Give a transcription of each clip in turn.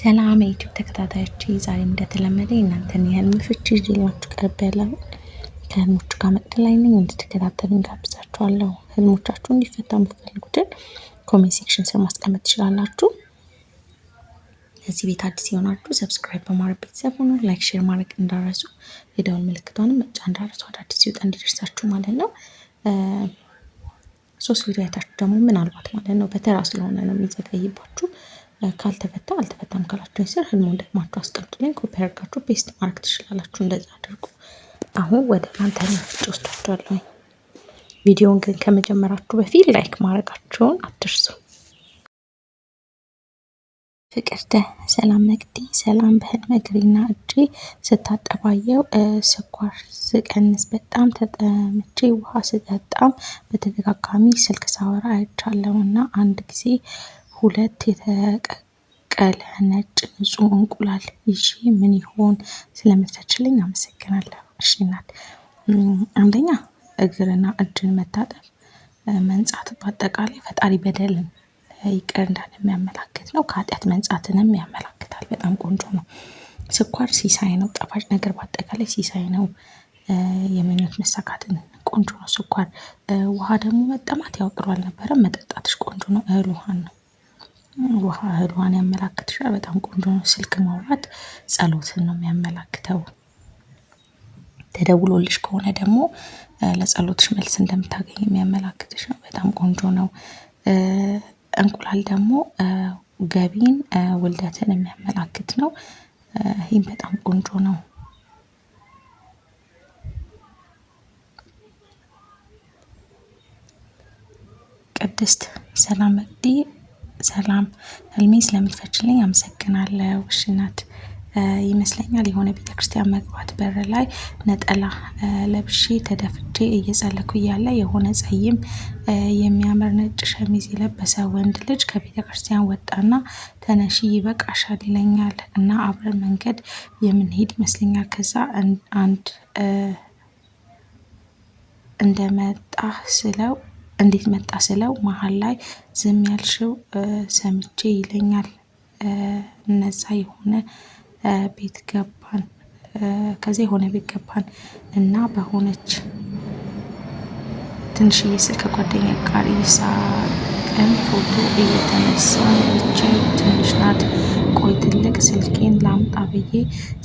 ሰላም የዩቲዩብ ተከታታዮች፣ ዛሬ እንደተለመደ የእናንተን የህልም ፍቺ ይዤላችሁ ቀርቤያለሁ። ከህልሞቹ ጋር መቅደላይ ነኝ። እንድትከታተሉ እንጋብዛችኋለሁ። ህልሞቻችሁ እንዲፈታ የምትፈልጉትን ኮሜንት ሴክሽን ስር ማስቀመጥ ትችላላችሁ። እዚህ ቤት አዲስ የሆናችሁ ሰብስክራይብ በማድረግ ቤተሰብ ሆኖ ላይክ፣ ሼር ማድረግ እንዳረሱ፣ የደወል ምልክቷንም መጫ እንዳረሱ፣ አዳዲስ ሲወጣ እንዲደርሳችሁ ማለት ነው። ሶስት ቪዲዮ አይታችሁ ደግሞ ምናልባት ማለት ነው በተራ ስለሆነ ነው የሚዘገይባችሁ ካልተፈታ አልተፈታም ካላችሁኝ ስር ህልሙን ደግማችሁ አስቀምጡልኝ። ኮፒ አድርጋችሁ ፔስት ማድረግ ትችላላችሁ። እንደዛ አድርጉ። አሁን ወደ ማንተሪያ ነፍጭ ወስዳችኋለሁ። ቪዲዮውን ግን ከመጀመራችሁ በፊት ላይክ ማድረጋችሁን አትርሱ። ፍቅርተ ሰላም ነግዴ ሰላም በህልም እግሬና እጄ ስታጠባየው ስኳር ስቀንስ በጣም ተጠምቼ ውሃ ስጠጣም በተደጋጋሚ ስልክ ሳወራ አይቻለሁ አይቻለሁና አንድ ጊዜ ሁለት የተቀቀለ ነጭ ንጹህ እንቁላል ይዤ ምን ይሆን ስለምታችለኝ አመሰግናለሁ። እሺ እናት አንደኛ እግርና እጅን መታጠብ መንጻት በአጠቃላይ ፈጣሪ በደልን ይቅር እንዳለ የሚያመላክት ነው። ከኃጢአት መንጻትንም ያመላክታል። በጣም ቆንጆ ነው። ስኳር ሲሳይ ነው። ጣፋጭ ነገር በአጠቃላይ ሲሳይ ነው። የምኞት መሳካትን ቆንጆ ነው። ስኳር ውሃ ደግሞ መጠማት ያው ጥሩ አልነበረም። መጠጣትሽ ቆንጆ ነው። እህል ውሃን ነው ውሃ እህሏን ያመላክትሻል። በጣም ቆንጆ ነው። ስልክ ማውራት ጸሎትን ነው የሚያመላክተው። ተደውሎልሽ ከሆነ ደግሞ ለጸሎትሽ መልስ እንደምታገኝ የሚያመላክትሽ ነው። በጣም ቆንጆ ነው። እንቁላል ደግሞ ገቢን፣ ውልደትን የሚያመላክት ነው። ይህም በጣም ቆንጆ ነው። ቅድስት ሰላም መቅዲ ሰላም ህልሜን ስለምትፈችልኝ አመሰግናለሁ። እሺ ይመስለኛል የሆነ ቤተክርስቲያን መግባት በር ላይ ነጠላ ለብሼ ተደፍቼ እየጸለኩ እያለ የሆነ ጸይም የሚያምር ነጭ ሸሚዝ የለበሰ ወንድ ልጅ ከቤተክርስቲያን ወጣና ተነሺ ይበቃሻል ይለኛል እና አብረን መንገድ የምንሄድ ይመስለኛል። ከዛ አንድ እንደመጣ ስለው እንዴት መጣ ስለው መሀል ላይ ዝም ያልሽው ሰምቼ ይለኛል። እነዛ የሆነ ቤት ገባን፣ ከዚያ የሆነ ቤት ገባን እና በሆነች ትንሽዬ ስልክ ከጓደኛ ጋር እየሳቅን ፎቶ እየተነሳን ይቺ ትንሽ ናት፣ ቆይ ትልቅ ስልኬን ላምጣ ብዬ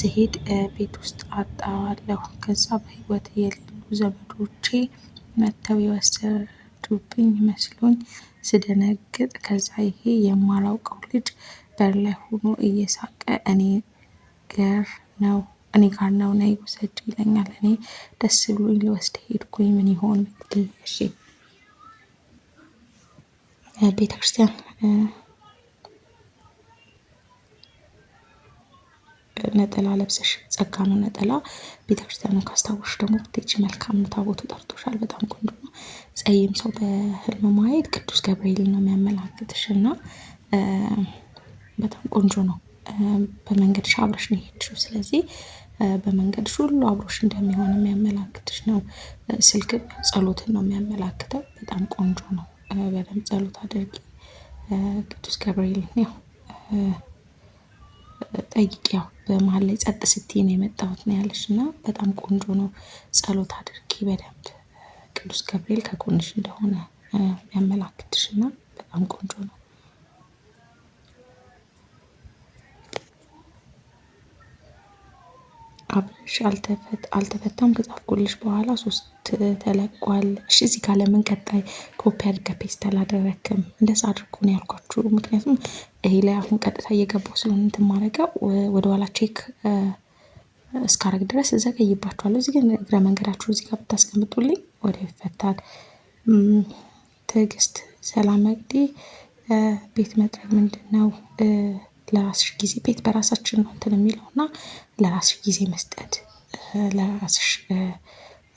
ስሄድ ቤት ውስጥ አጣዋለሁ። ከዛ በህይወት የሌሉ ዘመዶቼ መጥተው ይወስድ ሊወስዱብኝ መስሎኝ ስደነግጥ ከዛ ይሄ የማላውቀው ልጅ በር ላይ ሆኖ እየሳቀ እኔ ገር ነው እኔ ጋር ነው ነይ ውሰጅ ይለኛል። እኔ ደስ ብሎኝ ልወስድ ሄድኩኝ። ምን ይሆን እሺ ቤተ ክርስቲያን ነጠላ ለብሰሽ ጸጋ ነው ነጠላ ቤተክርስቲያኑን ካስታወሽ ደግሞ ብትሄጂ መልካም ነው። ታቦቱ ጠርቶሻል። በጣም ቆንጆ ነው። ጸይም ሰው በህልም ማየት ቅዱስ ገብርኤል ነው የሚያመላክትሽ እና በጣም ቆንጆ ነው። በመንገድሽ አብረሽ ነው የሄድሽው። ስለዚህ በመንገድሽ ሁሉ አብሮሽ እንደሚሆን የሚያመላክትሽ ነው። ስልክ ጸሎትን ነው የሚያመላክተው። በጣም ቆንጆ ነው። በደንብ ጸሎት አድርጊ። ቅዱስ ገብርኤል ያው ጠይቅ። ያው በመሀል ላይ ጸጥ ስትይ ነው የመጣሁት ነው ያለሽ እና በጣም ቆንጆ ነው። ጸሎት አድርጊ በደንብ ቅዱስ ገብርኤል ከጎንሽ እንደሆነ የሚያመላክትሽ እና በጣም ቆንጆ ነው። አብረሽ አልተፈታም ከጻፍ ጎልሽ በኋላ ሶስት ተለቋል። እሺ እዚህ ጋር ለምን ቀጣይ ኮፒ አድርገ ፔስት አላደረክም? እንደዛ አድርጎ ነው ያልኳችሁ። ምክንያቱም ይሄ ላይ አሁን ቀጥታ እየገባው ስለሆነ እንትን ማድረገው ወደኋላ ቼክ እስካረግ ድረስ እዘገይባችኋለሁ። እዚህ ግን እግረ መንገዳችሁ እዚህ ጋር ብታስቀምጡልኝ ቆዳው ይፈታል። ትዕግስት ሰላም መግዴ ቤት መጥረግ ምንድን ነው? ለራስሽ ጊዜ ቤት በራሳችን ነው እንትን የሚለው እና ለራስሽ ጊዜ መስጠት፣ ለራስሽ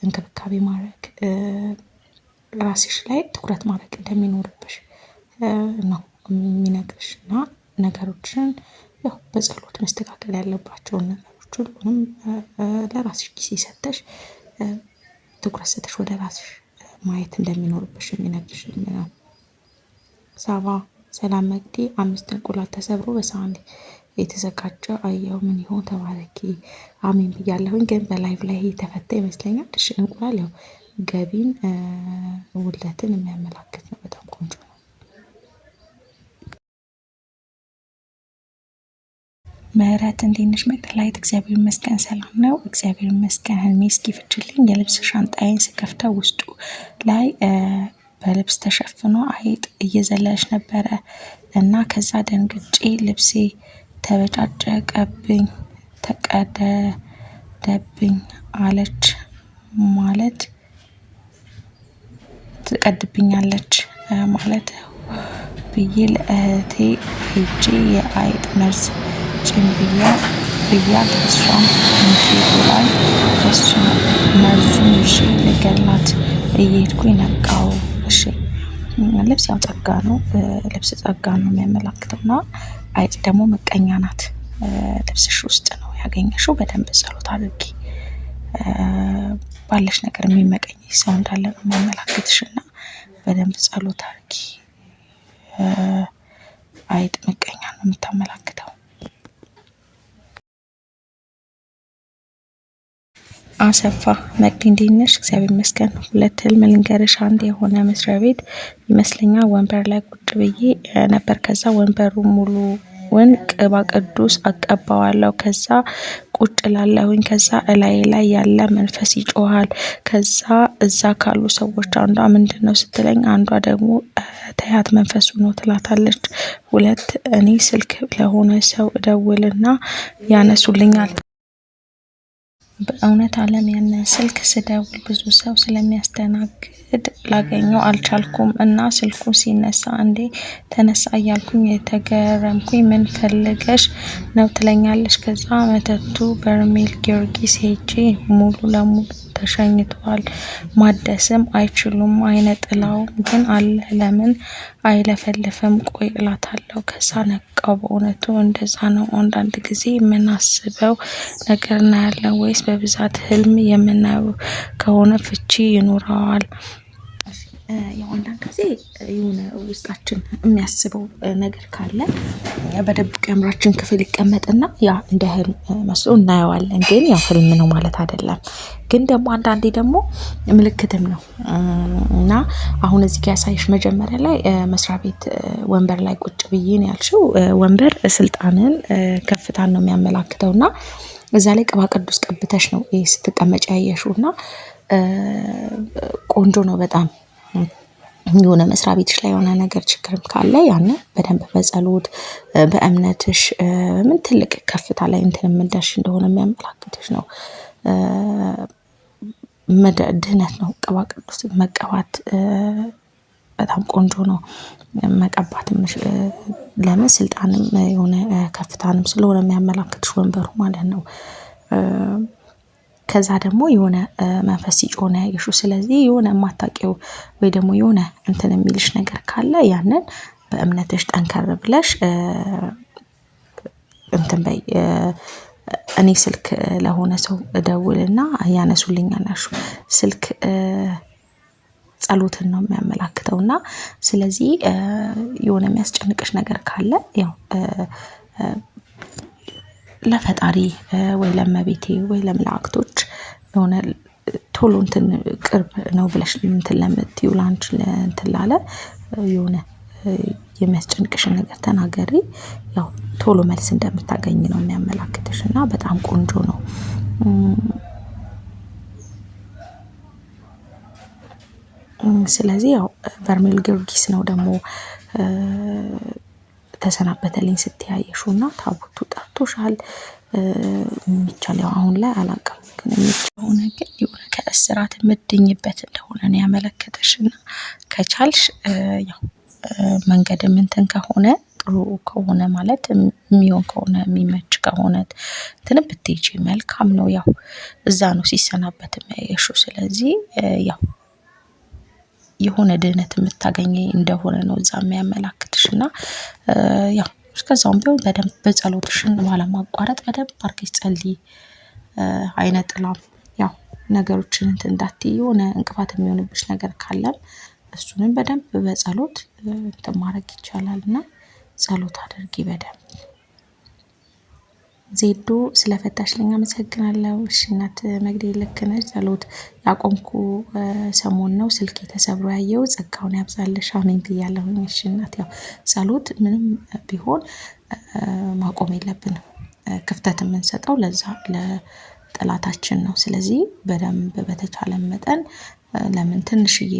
እንክብካቤ ማድረግ፣ ራስሽ ላይ ትኩረት ማድረግ እንደሚኖርብሽ ነው የሚነግርሽ እና ነገሮችን ያው በጸሎት መስተካከል ያለባቸውን ነገሮች ሁሉንም ለራስሽ ጊዜ ሰተሽ ትኩረት ሰጥሽ ወደ ራስሽ ማየት እንደሚኖርብሽ የሚነግርሽ ነው። ሰባ ሰላም መቅዲ አምስት እንቁላል ተሰብሮ በሳህን የተዘጋጀ አየው ምን ይሆን ተባረኪ። አሜን ብያለሁኝ፣ ግን በላይቭ ላይ የተፈታ ይመስለኛል። እሺ እንቁላል ያው ገቢን ውለትን የሚያመላክት ነው። ምህረትን ትንሽ መቅደላዊት እግዚአብሔር ይመስገን ሰላም ነው። እግዚአብሔር ይመስገን ህልሜ እስኪ ፍችልኝ። የልብስ ሻንጣዬን ስከፍተው ውስጡ ላይ በልብስ ተሸፍኖ አይጥ እየዘለለች ነበረ እና ከዛ ደንግጬ ልብሴ ተበጫጨቀብኝ፣ ተቀደደብኝ አለች ማለት ትቀድብኛለች ማለት ብዬ ለእህቴ ሄጄ የአይጥ መርዝ እንትን ብያ ብያ ከሷም ላይ እሱ መርዙን እሺ ልገላት እየሄድኩ ነቃው። እሺ ልብስ ያው ጸጋ ነው፣ ልብስ ጸጋ ነው የሚያመላክተው እና አይጥ ደግሞ ምቀኛ ናት። ልብስሽ ውስጥ ነው ያገኘሽው። በደንብ ጸሎት አድርጊ። ባለሽ ነገር የሚመቀኝ ሰው እንዳለ ነው የሚያመላክትሽ እና በደንብ ጸሎት አድርጊ። አይጥ ምቀኛ ነው የምታመላክተው። አሰፋ መቅዲ እንዴት ነሽ? እግዚአብሔር ይመስገን። ሁለት ህልም ልንገርሽ። አንድ የሆነ መስሪያ ቤት ይመስለኛል ወንበር ላይ ቁጭ ብዬ ነበር። ከዛ ወንበሩ ሙሉውን ቅባ ቅዱስ አቀባዋለሁ። ከዛ ቁጭ ላለሁኝ። ከዛ እላይ ላይ ያለ መንፈስ ይጮሃል። ከዛ እዛ ካሉ ሰዎች አንዷ ምንድን ነው ስትለኝ፣ አንዷ ደግሞ ተያት መንፈሱ ነው ትላታለች። ሁለት እኔ ስልክ ለሆነ ሰው እደውልና ያነሱልኛል በእውነት አለም ያንን ስልክ ስደውል ብዙ ሰው ስለሚያስተናግድ ላገኘው አልቻልኩም እና ስልኩ ሲነሳ እንዴ ተነሳ እያልኩኝ የተገረምኩኝ ምን ፈልገሽ ነው ትለኛለች። ከዛ መተቱ በርሜል ጊዮርጊስ ሄጄ ሙሉ ለሙሉ ተሸኝቷል ማደስም አይችሉም አይነ ጥላውም ግን አለ ለምን አይለፈልፍም ቆይ እላታለሁ። ከዛ ነቃው። በእውነቱ እንደዛ ነው። አንዳንድ ጊዜ የምናስበው ነገር እናያለን ወይስ በብዛት ህልም የምናየው ከሆነ ፍቺ ይኖረዋል? ያው አንዳንድ ጊዜ የሆነ ውስጣችን የሚያስበው ነገር ካለ በደብቅ የአእምሯችን ክፍል ይቀመጥና ያ እንደ ህልም መስሎ እናየዋለን። ግን ያው ህልም ነው ማለት አይደለም። ግን ደግሞ አንዳንዴ ደግሞ ምልክትም ነው እና አሁን እዚህ ያሳይሽ መጀመሪያ ላይ መስሪያ ቤት ወንበር ላይ ቁጭ ብዬ ነው ያልሽው። ወንበር ስልጣንን ከፍታን ነው የሚያመላክተው እና እዛ ላይ ቅባ ቅዱስ ቀብተሽ ነው ስትቀመጭ ያየሽው እና ቆንጆ ነው በጣም የሆነ መስሪያ ቤትሽ ላይ የሆነ ነገር ችግርም ካለ ያን በደንብ በጸሎት በእምነትሽ ምን ትልቅ ከፍታ ላይ እንትን የምንደርሽ እንደሆነ የሚያመላክትሽ ነው። ድህነት ነው። ቅባ ቅዱስ መቀባት በጣም ቆንጆ ነው። መቀባትም ለምን ስልጣንም የሆነ ከፍታንም ስለሆነ የሚያመላክትሽ ወንበሩ ማለት ነው። ከዛ ደግሞ የሆነ መንፈስ ሲጮህ ነው ያየሽው። ስለዚህ የሆነ የማታውቂው ወይ ደግሞ የሆነ እንትን የሚልሽ ነገር ካለ ያንን በእምነትሽ ጠንከር ብለሽ እንትን በይ። እኔ ስልክ ለሆነ ሰው እደውልና ያነሱልኛል አልሽው። ስልክ ጸሎትን ነው የሚያመላክተው እና ስለዚህ የሆነ የሚያስጨንቅሽ ነገር ካለ ያው ለፈጣሪ ወይ ለመቤቴ ወይ ለመላእክቶች የሆነ ቶሎ እንትን ቅርብ ነው ብለሽ እንትን ለምትይው ላንቺ እንትን ላለ የሆነ የሚያስጨንቅሽን ነገር ተናገሪ። ያው ቶሎ መልስ እንደምታገኝ ነው የሚያመላክትሽ እና በጣም ቆንጆ ነው። ስለዚህ ያው በርሜል ጊዮርጊስ ነው ደግሞ ተሰናበተልኝ ስትያየሹ እና ታቦቱ ጠርቶሻል። የሚቻል ያው አሁን ላይ አላቀም። ከሆነ ግን የሆነ ከእስራት የምድኝበት እንደሆነ ነው ያመለከተሽ። እና ከቻልሽ ያው መንገድ ምንትን ከሆነ ጥሩ ከሆነ ማለት የሚሆን ከሆነ የሚመች ከሆነ እንትን ብትሄጂ መልካም ነው። ያው እዛ ነው ሲሰናበት የሚያየሹ። ስለዚህ ያው የሆነ ድህነት የምታገኘ እንደሆነ ነው እዛ የሚያመላክትሽ እና ያው እስከዛውም ቢሆን በደንብ በጸሎትሽን ባለማቋረጥ በደንብ አድርገሽ ጸልይ። አይነ ጥላም ያው ነገሮችን እንትን እንዳትዪ የሆነ እንቅፋት የሚሆንብሽ ነገር ካለም እሱንም በደንብ በጸሎት እንትን ማድረግ ይቻላል እና ጸሎት አድርጊ በደንብ። ዜዶ ስለፈታሽልኝ አመሰግናለሁ። እሺ እናት መግደ ልክ ነሽ። ጸሎት ያቆምኩ ሰሞን ነው ስልክ የተሰብሮ ያየው ጸጋውን ያብዛለሽ። አሜን ብያለሁኝ። እሺ እናት ያው ጸሎት ምንም ቢሆን ማቆም የለብንም ክፍተት የምንሰጠው ለዛ ለጠላታችን ነው። ስለዚህ በደንብ በተቻለ መጠን ለምን ትንሽዬ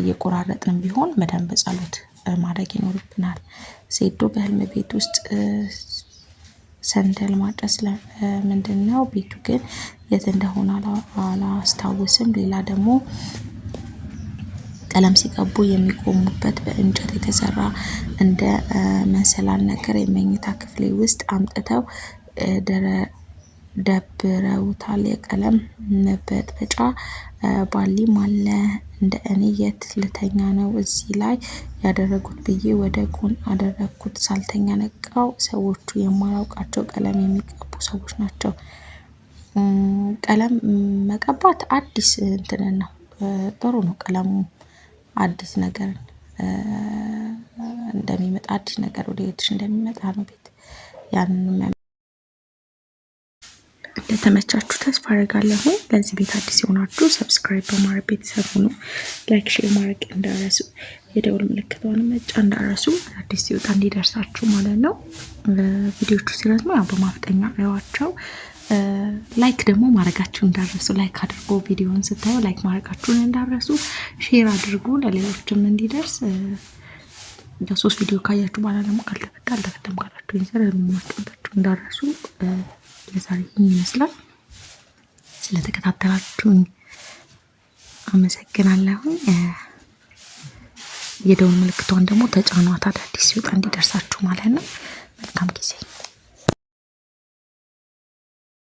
እየቆራረጥንም ቢሆን በደንብ ጸሎት ማድረግ ይኖርብናል። ሴዶ በህልም ቤት ውስጥ ሰንደል ማድረስ ነው? ቤቱ ግን የት እንደሆነ አላስታውስም። ሌላ ደግሞ ቀለም ሲቀቡ የሚቆሙበት በእንጨት የተሰራ እንደ መሰላል ነገር የመኝታ ክፍሌ ውስጥ አምጥተው ደብረውታል። የቀለም መበጥበጫ ባሊም አለ። እንደ እኔ የት ልተኛ ነው እዚህ ላይ ያደረጉት ብዬ ወደ ጎን አደረግኩት። ሳልተኛ ነቃው። ሰዎቹ የማላውቃቸው ቀለም የሚቀቡ ሰዎች ናቸው። ቀለም መቀባት አዲስ እንትን ነው፣ ጥሩ ነው ቀለሙ አዲስ ነገር እንደሚመጣ አዲስ ነገር ወደ ቤትሽ እንደሚመጣ ነው። ቤት ያንን እንደተመቻችሁ ተስፋ አደርጋለሁ። ለዚህ ቤት አዲስ የሆናችሁ ሰብስክራይብ በማድረግ ቤተሰብ ሆኑ። ላይክ፣ ሼር ማድረግ እንዳረሱ፣ የደውል ምልክቷን መጫ እንዳረሱ፣ አዲስ ሲወጣ እንዲደርሳችሁ ማለት ነው። ቪዲዮቹ ሲረዝሙ ያው በማፍጠኛ ያዋቸው ላይክ ደግሞ ማድረጋችሁ እንዳረሱ ላይክ አድርጎ ቪዲዮን ስታዩ ላይክ ማድረጋችሁን እንዳረሱ፣ ሼር አድርጉ ለሌሎችም እንዲደርስ። ሶስት ቪዲዮ ካያችሁ በኋላ ደግሞ ካልተፈታ አልተፈታም ካላችሁ ይዘር የሚማስቀባችሁ እንዳረሱ። ለዛሬ ይህን ይመስላል። ስለተከታተላችሁኝ አመሰግናለሁ። የደውል ምልክቷን ደግሞ ተጫኗት፣ አዳዲስ ሲወጣ እንዲደርሳችሁ ማለት ነው። መልካም ጊዜ